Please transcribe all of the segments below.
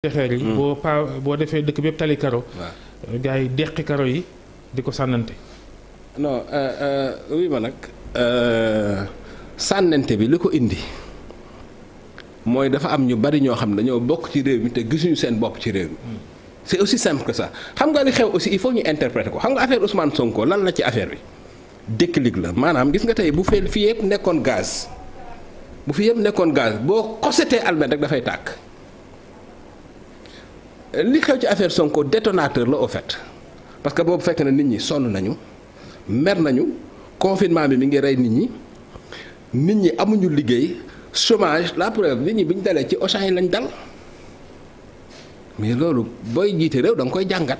xeer yi hmm. boo pa boo defee dëkk bépp tali karo gars yi deqi karo yi di ko sànnante non wi euh, euh, ma nag euh, sànnante bi li ko indi mooy dafa am ñu bari ñoo xam ne dañoo bokk ci réew mi te gisuñu seen bopp ci réew mi hmm. c'est aussi simple que xam nga li xew aussi il faut ñu interpréter ko xam nga affaire Ousmane Sonko lan la ci affaire bi déclic la maanaam gis nga tey bu fee fii yëpp nekkoon gaas bu fi yëpp nekkoon gaz boo xosetee almet rek dafay tàkk li xew ci affaire Sonko détonateur la au fait parce que boobu fekk na nit ñi sonn nañu mer nañu confinement bi mi ngi rey nit ñi nit ñi amuñu liggéey chômage la preuve nit ñi bi ñu dalee ci Auchan yi lañ dal mais loolu booy jiite réew da koy jàngat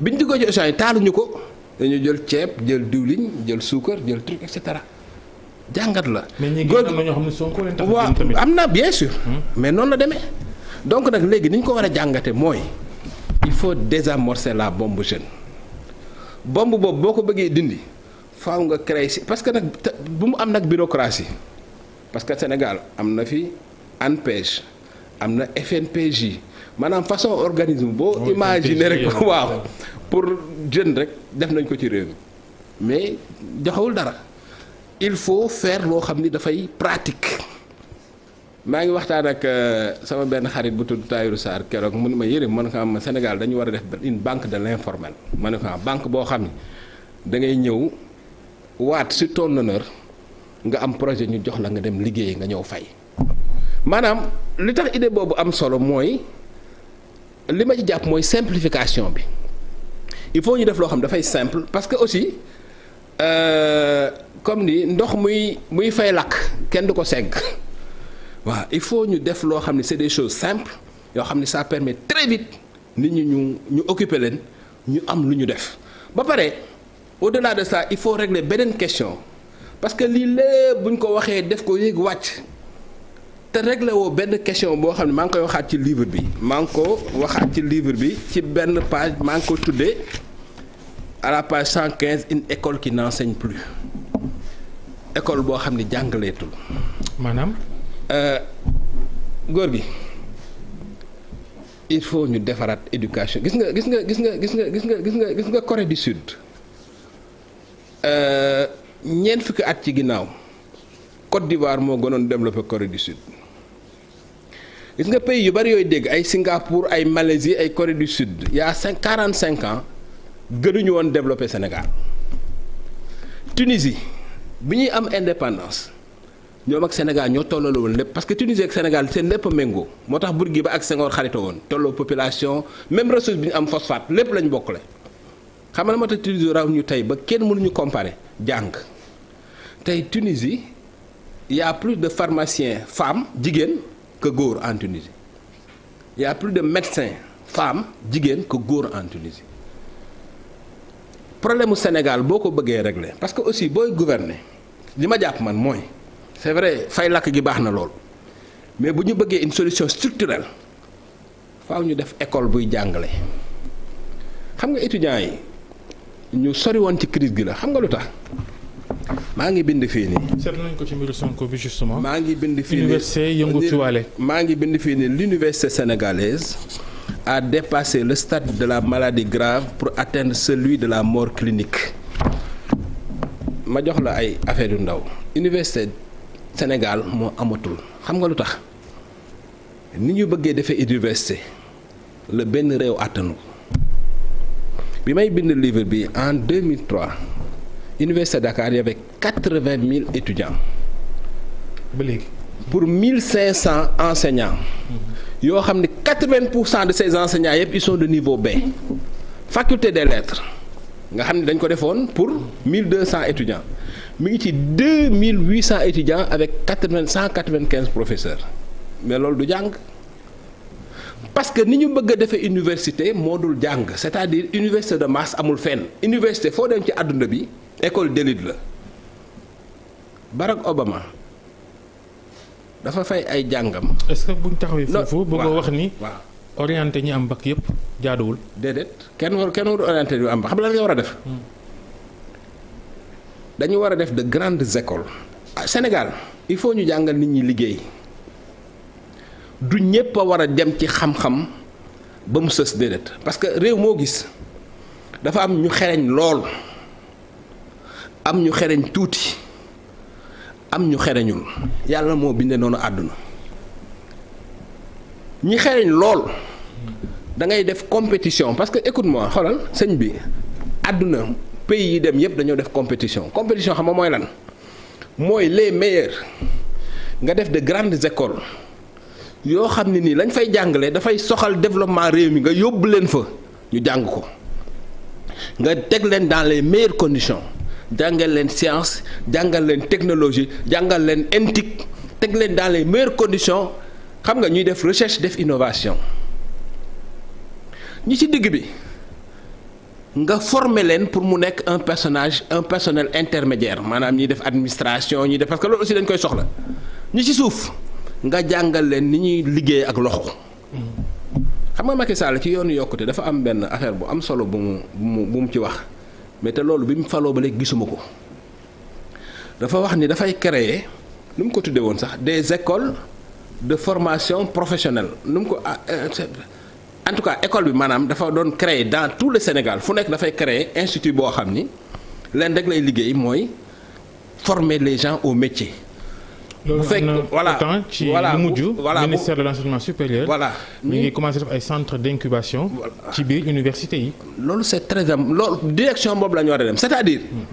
biñ di ko ci Auchan yi taaluñu ko dañu jël ceeb jël diwliñ jël suukar jël truc et cetera jàngat la. góor ñi am na ñoo xam am na bien sûr. Hmm. mais noonu la demee. donc nag léegi ni ñu ko war a jàngate mooy il faut désamorcer la bombe jeune bombe boobu boo ko bëggee dindi faaw nga créer si parce que nag bu mu am nag bureaucratie parce que Sénégal am na fi ANPEJ am na FNPJ maanaam façon organisme boo oh, imaginer rek waaw pour jeune rek def nañ ko ci réew mi mais joxewul dara il faut faire loo xam ni dafay pratique maa ngi waxtaan ak euh, sama benn xarit bu tudd Tahirou Sarr keroog mu ne ma yëre man ko am ah, Sénégal dañu war a def une banque de l'informel ma ne ko am ah, banque boo xam ne da ngay ñëw waat si ton honneur nga am projet ñu jox la nga dem liggéey nga ñëw fay maanaam li tax idée boobu am solo mooy li ma jàpp mooy simplification bi il faut ñu def loo xam dafay simple parce que aussi euh, comme ni ndox muy muy fay lakk kenn du ko segg waaw il faut ñu def loo xam ne c'est des choses simples yoo xam ne saa permet très vite nit ñi ñu ñu occuper leen ñu am lu ñu def ba pare au-delà de ça il faut régler beneen question parce que lii lépp bu ñu ko waxee def ko yéeg wàcc te réglé woo benn question boo xam ne maa ngi koy waxaat ci livre bi maa ngi ko waxaat ci livre bi ci benn page maa ngi ko tuddee à la page 115 une école qui n'enseigne plus école boo xam ne jàngaleetul Euh, góor gi il faut ñu defaraat éducation gis nga gis nga gis nga gis nga gis nga gis nga gis nga Corée du Sud euh, ñeent fukki at ci ginnaaw Côte d'Ivoire moo gënoon développé Corée du Sud gis nga pays yu bari yooyu dégg ay Singapour ay Malaisie ay Corée du Sud yaa a cinq quarante cinq ans gënuñu woon développé Sénégal Tunisie bi ñuy am indépendance. ñoom ak Sénégal ñoo tolloo woon lépp parce que Tunisie ak Sénégal seen lépp a méngoo moo tax Bourguiba ak Senghor xarito woon tolloo population même ressource bi ñu am phosphate lépp lañ bokkale. xam nga moo tax Tunisie raw ñu tey ba kenn mënuñu kompare jàng tey Tunisie y a plus de pharmaciens femmes jigéen que góor en Tunisie y a plus de médecins femmes jigéen que góor en Tunisie. problème mu Sénégal boo ko bëggee régler parce que aussi booy gouverner li ma jàpp man mooy. c'est vrai fay lakk gi baax na lool mais bu ñu bëggee une solution structurelle faaw ñu def école buy jàngale xam nga étudiants yi ñu sori woon ci crise gi la xam nga lu tax maa ngi bind fii nii. seet nañ ko ci maa ngi bind fii nii université maa ngi bind fii nii l'université sénégalaise à dépassé le stade de la maladie grave pour atteindre celui de la mort clinique ma jox la ay affaire yu ndaw université. Sénégal moo amatul xam nga lu tax ni ñu bëggee defee université la benn réew àttanu bi may bind livre bi en 2003 université Dakar y avait quatre-vingt mille étudiants. ba léegi pour mille cinq cent enseignants. yoo xam ne quatre-vingt pour cent de ces enseignants yëpp ils sont de niveau B. faculté de lettres nga xam ne dañ ko defoon pour mille deux cent étudiants. mi ngi ci deux mille huit cent étudiants avec quatre vingt cent quatre vingt quinze professeurs mais loolu du jàng parce que ni ñu bëgg a defee université moo dul jàng c'est-à-dire université de masse amul fenn université foo dem ci àdduna bi école d'élite la Barack Obama dafa fay ay jàngam. est-ce que buñ taxawee foofu bëgg a wax ni. waaw orienté ñi am bac yëpp jaaduwul. déedéet kenn war kenn war orienté ñu am bac xam la nga war a def. Hmm. dañu war a def de grandes écoles. Ah, Sénégal il faut ñu jàngal nit ñi liggéey du ñépp a war a dem ci xam-xam ba mu sës déedéet parce que réew moo gis dafa am ñu xereñ lool am ñu xereñ tuuti am ñu xereñul yàlla moo binde noonu àdduna ñi xereñ lool da ngay def compétition parce que écoute moi xoolal sëñ bi àdduna. pays yi dem yëpp dañoo def compétition compétition xam nga mooy lan mooy les meilleurs nga def de grandes écoles yoo xam ne nii lañ fay jàngale dafay soxal développement réew mi nga yóbbu leen fa ñu jàng ko nga teg leen dans les meilleures conditions jàngal leen science jàngal leen technologie jàngal leen éthique teg leen dans les meilleures conditions xam nga ñuy def recherche def innovation ñi ci digg bi. nga former leen pour mu nekk un personnage un personnel intermédiaire maanaam ñi def administration ñi def parce que loolu aussi dañ koy soxla ñi ci suuf nga jàngal leen ni ñuy liggéey ak loxo. xam nga Macky Sall ci yoonu yokkute dafa am benn affaire bu am solo bu mu bu bu mu ci wax mais te loolu bi mu faloo ba léegi gisuma ko dafa wax ni dafay créer nu mu ko tuddee woon sax des écoles de formation professionnelle nu mu ko ah, euh, en tout cas école bi maanaam dafa doon créer dans tout le Sénégal fu nekk dafay créer institut boo xam ni leen rek lay liggéey mooy former les gens au métier. bu fekk voilà ci lu mujj ministère de l'enseignement supérieur. voilà mi ngi commencé def ay centres d'incubation. ci biir université yi. loolu c'est très lool loolu direction boobu la ñu dem c'est-à-dire hmm.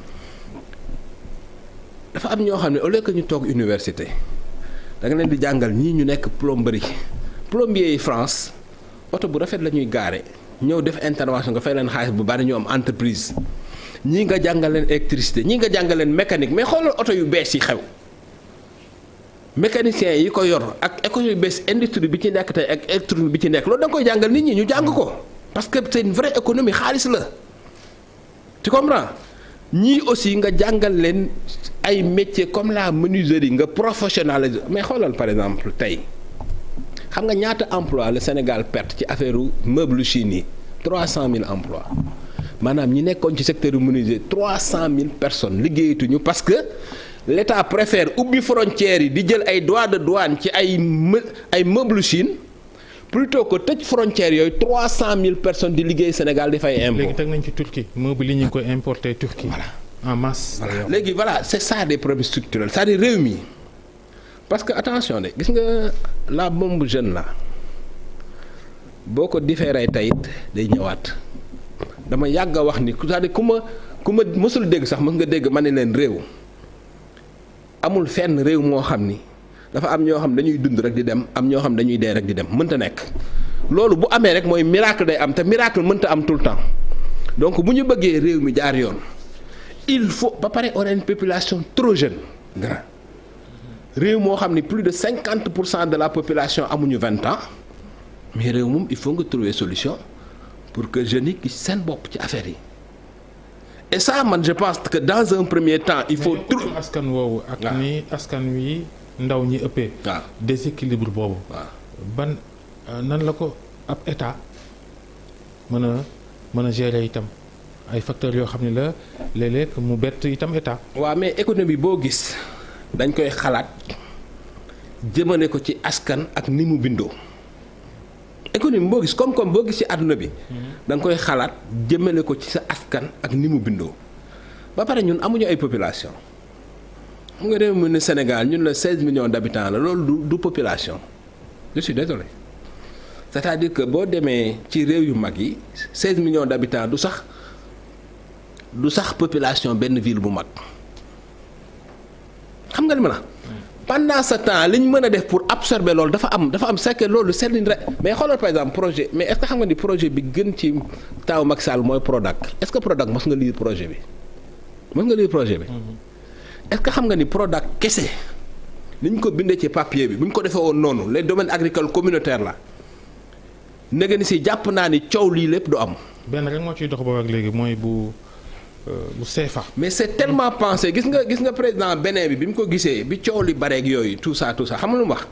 dafa am ñoo xam ne au lieu que ñu toog université da nga leen di jàngal ñii ñu nekk plomberie plombier yi France. oto bu rafet la ñuy gaare ñëw def intervention nga fay leen xaalis bu bari ñu am entreprise ñii nga jàngal leen électricité ñi nga jàngal leen mécanique mais xoolal oto yu bees yi xew mécanicien yi ko yor ak école yu bees bi ci nekk tey ak électronique bi ci nekk loolu da koy jàngal nit ñi ñu jàng ko parce que c'est une vraie économie xaalis la tu comprends ñii aussi nga jàngal leen ay métiers comme la menuiserie nga professionnaliser mais xoolal par exemple tey. xam nga ñaata emploi le Sénégal perte ci affaire meuble Chine yi 300000 emploi maanaam ñi nekkoon ci secteur cent mille personnes liggéeyatuñu parce que l' état préfère ubbi frontières yi di jël ay droits de douane ci ay ay meuble Chine. plutôt que tëj frontière yooyu trois cent mille personnes di liggéey Sénégal di fay impôt. léegi teg nañ ci Turquie meuble yi ñu ngi koy importer Turquie. voilà en masse. voilà léegi voilà des problèmes structurels c'est-à-dire réew mi. parce que attention de gis nga la bombe jeune la boo ko différé tey day ñëwaat dama yàgg a wax ni c'est-à-dire ku ma ku ma mësul dégg sax mën nga dégg ma ne leen réew amul fenn réew moo xam ni dafa am ñoo xam dañuy dund rek di dem am ñoo xam dañuy dee rek di dem mënta nekk loolu bu amee rek mooy miracle day am te miracle mënta am tout le donc bu ñu bëggee réew mi jaar yoon il faut ba pare on a une population trop jeune réew moo xam ni plus de cinquante pour cent de la population amuñu vingt ans mais réew moom il faut nga trouver solution pour que jeunes yi seen bopp ci affaire yi et ça man je pense que dans un premier temps il faut. trouver askan woowu ak ni askan wi ndaw ñi ëppee. waaw déséquilibre boobu. ban euh, nan la ko ab état mën a mën a gérer itam ay facteurs yoo xam ne la léeg-léeg mu bett itam état. waaw mais économie boo gis. dañ koy xalaat jëmale ko ci askan ak ni mu bindoo économie boo gis koom-koom boo gis ci àdduna bi. Hmm. da koy xalaat jëmale ko ci sa askan ak ni mu bindoo ba pare ñun amuñu ay population mu nga réew mën ne senegal ñun la 16 millions d'habitants la loolu du population je suis désolé cest que boo demee ci réew yu mag yi 16 millions d'habitants du sax du sax population benn ville bu mag. xam nga li ma la pendant ce temps li ñu mën a def pour absorber loolu dafa am dafa am c'est loolu seet nañ rek mais xoolal par exemple projet mais est-ce xam nga ni projet bi gën ci taaw Macky mooy Prodac est-ce Prodac mos nga lire projet bi mos nga projet bi. Mm-hmm. est-ce que xam nga ni Prodac kese ni ñu ko bindee ci papier bi bu ñu ko defee woon noonu les domaines agricoles communautaires la ndege ni si jàpp naa ni coow lii lépp du am. benn rek moo ciy dox ba ak léegi mooy bu. bu euh, CFA. mais c' est tellement gis nga gis nga président beneen bi bi mu ko gisee bi coow li bareeg yooyu tout ça tout mu wax.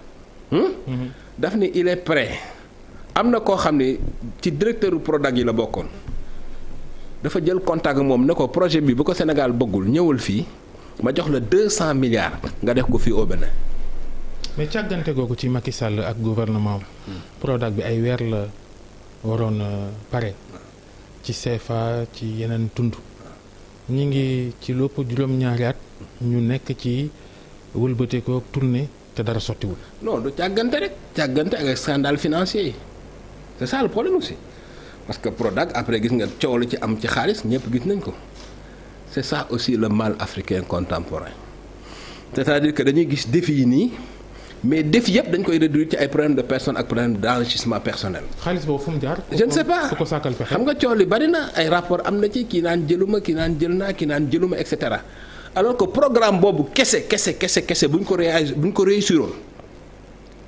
Hmm? Mhm. daf ni il est prêt am na koo xam ne ci directeur Prodac yi la bokkoon dafa jël contact moom ne ko projet bi bu ko Sénégal bëggul ñëwul fii ma jox la deux cent milliards nga def ko fii au Bénin. mais càggante googu ci Macky Sall ak gouvernement Prodac bi ay weer la waroon euh, pare ci CFA ci yeneen tund. ñu ngi ci lépp juróom-ñaari ñu nekk ci wëlbateekoo ak te dara sottiwul. non du càggante rek càggante ak scandale financier yi c'est ça le aussi parce que Prodac après gis nga coow la ci am ci xaalis ñëpp gis nañ ko c'est ça aussi le mal africain contemporain cest à dañuy gis défi yi nii. mais def yëpp dañ koy réduire ci ay problème de personne ak problème d' enrichissement personnel. xaalis boobu fu mu jaar. je ne sais pas ku ko sàkkal pexe. xam nga coow li bari na ay rapport am na ci ki naan jëluma kii naan jël naa ki naan jëluma et cetera alors que programme boobu kese kese kese kese bu ñu ko réagi bu ñu ko réussiroon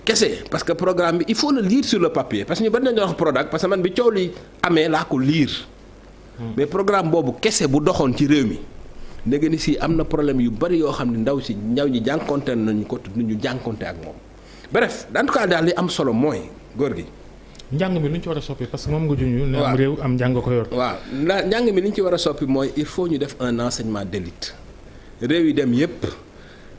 kese parce que programme bi il faut le lire sur le papier parce que ñu bari nañu wax Prodac parce man bi coow li amee laa ko liir hmm. mais programme boobu kese bu doxoon ci réew mi. léegi ni si am na problème yu bari yoo xam ne ndaw si ndaw ñi jànkonte nañu ko tudd ñu jànkonte ak moom bref en tout daal li am solo mooy góor gi. njàng mi lu ñu ci war a soppi parce que moom nga juñu ne am réew am njàng ko ci war a soppi mooy il faut ñu def un enseignement d'élite réew yi dem yépp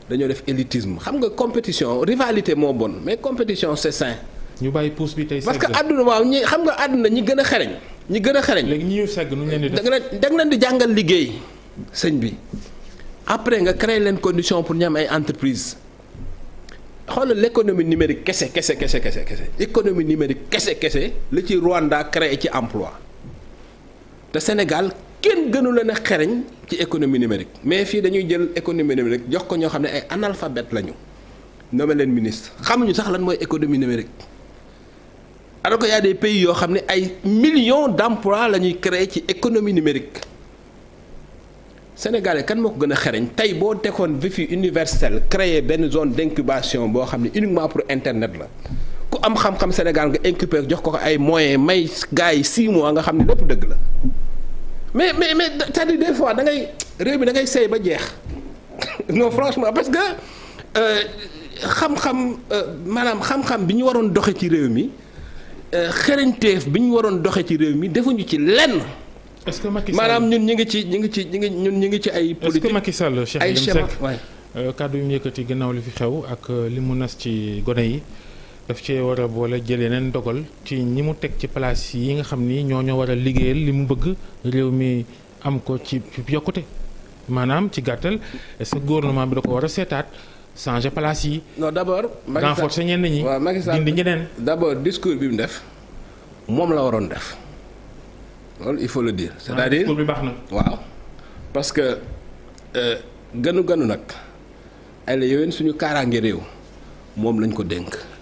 dañoo def élitisme xam nga compétition rivalité moo bon mais compétition sain. ñu bàyyi pousse bi que àdduna waaw ñi xam nga àdduna ñi gën a xereñ ñi gën a xereñ. léegi ñi yu segg nu ñu da leen di jàngal liggéey. sëñ bi après nga créer leen condition pour ñu ay entreprise xoolal l'économie numérique kese kese kese kese kese économie numérique kese kese la ci Rwanda créé ci emploi te Sénégal kenn gënu leen a xereñ ci économie numérique mais fii dañuy jël économie numérique jox ko ñoo xam ne ay analphabète lañu nommé leen ministre xamuñu sax lan mooy économie numérique alors que y a des pays yoo xam ne ay millions d'emplois la ñuy créer ci économie numérique Sénégalais kan moo ko gën a xereñ tey boo tegoon wifi universel créer benn zone d'incubation boo xam ne uniquement pour internet la ku am xam-xam Sénégal nga incuber jox ko ko ay moyens may gars yi 6 mois nga xam ne lépp dëgg la mais mais mais c'est-à-dire fois da ngay réew bi da ngay sey ba jeex non franchement parce que euh, xam-xam euh, maanaam xam-xam bi ñu waroon doxe ci réew mi euh, xereñteef bi ñu waroon doxe ci réew mi defuñu ci lenn. est-ce que Macky Sall maanaam ñun ñu ngi ci ñu ngi ci ñu ngi ñun ñu ngi ci ay. politique est-ce que Macky Sall Cheikh Yérim Seck euh, kàddu yu mu yëkkati gannaaw li fi xew ak euh, li mu nas ci gone yi daf cee war a boole jël yeneen dogal ci ñi mu teg ci place yi nga xam ni ñoo ñoo war a liggéeyal li mu bëgg réew mi am ko ci yokkute maanaam ci gàttal est-ce que gouvernement bi da ko war a seetaat changer place yi. non d'abord. Macky Sall renforcer ñenn ñi. waaw Macky Sall dindi ñeneen. d'abord discours bi mu def moom la waroon def. loolu il faut le dire. Ah, cest à na. waaw parce que euh, gënu gënu nag ay la yowin suñu kaaraange réew moom lañ ko dénk.